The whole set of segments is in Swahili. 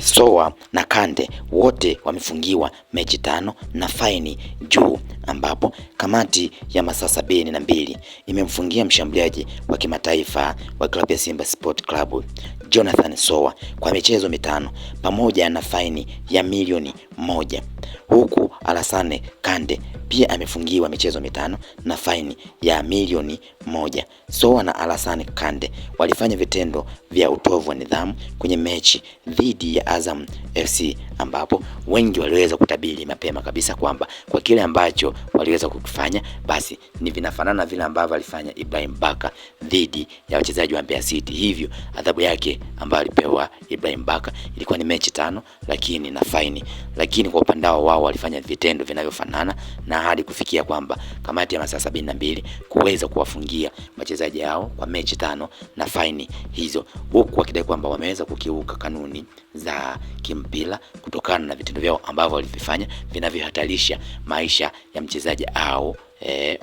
Soa na Kante wote wamefungiwa mechi tano na faini juu, ambapo kamati ya masaa sabini na mbili imemfungia mshambuliaji wa kimataifa wa klabu ya Simba Sport Club Jonathan Sowa kwa michezo mitano pamoja na faini ya milioni moja huku Alassane Kande pia amefungiwa michezo mitano na faini ya milioni moja. Sowa na Alassane Kande walifanya vitendo vya utovu wa nidhamu kwenye mechi dhidi ya Azam FC ambapo wengi waliweza kutabiri mapema kabisa kwamba kwa kile ambacho waliweza kukifanya basi ni vinafanana vile ambavyo alifanya Ibrahim Baka dhidi ya wachezaji wa Mbeya City, hivyo adhabu yake ambayo alipewa Ibrahim Baka ilikuwa ni mechi tano, lakini na faini. Lakini kwa upande wao wao walifanya vitendo vinavyofanana na hadi kufikia kwamba kamati ya masaa sabini na mbili kuweza kuwafungia wachezaji hao kwa mechi tano na faini hizo, huku wakidai kwamba wameweza kukiuka kanuni za kimpira kutokana na vitendo vyao ambavyo walivifanya vinavyohatarisha maisha ya mchezaji au e,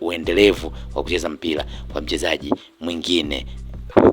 uendelevu wa kucheza mpira kwa mchezaji mwingine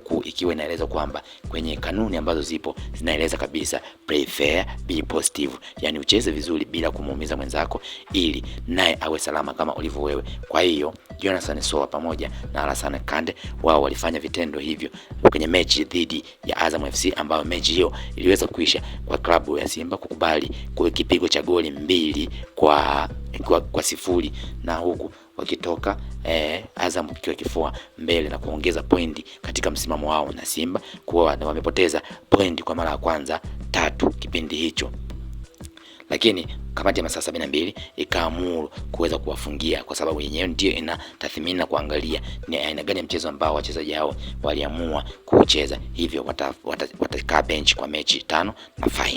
kuu ikiwa inaeleza kwamba kwenye kanuni ambazo zipo zinaeleza kabisa play fair, be positive, yani ucheze vizuri bila kumuumiza mwenzako ili naye awe salama kama ulivyo wewe. Kwa hiyo Jonathan Soa pamoja na Alassane Kande wao walifanya vitendo hivyo kwenye mechi dhidi ya Azam FC ambayo mechi hiyo iliweza kuisha kwa klabu ya Simba kukubali kwa kipigo cha goli mbili kwa, kwa, kwa sifuri na huku wakitoka eh, Azam kikiwa kifua mbele na kuongeza pointi katika msimamo wao na Simba kuwa wamepoteza pointi kwa mara ya kwanza tatu kipindi hicho, lakini kamati ya masaa sabini na mbili ikaamuru kuweza kuwafungia, kwa sababu yenyewe ndiyo ina tathmini na kuangalia ni aina gani ya mchezo ambao wachezaji hao waliamua kucheza, hivyo watakaa wata, wata benchi kwa mechi tano na faini.